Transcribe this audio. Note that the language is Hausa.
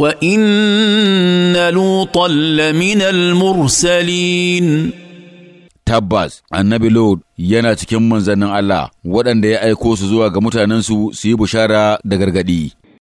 وإن لوطا لمن المرسلين tabbas annabi Lord yana cikin manzannin Allah waɗanda ya aiko su zuwa ga mutanensu su yi bushara da gargaɗi.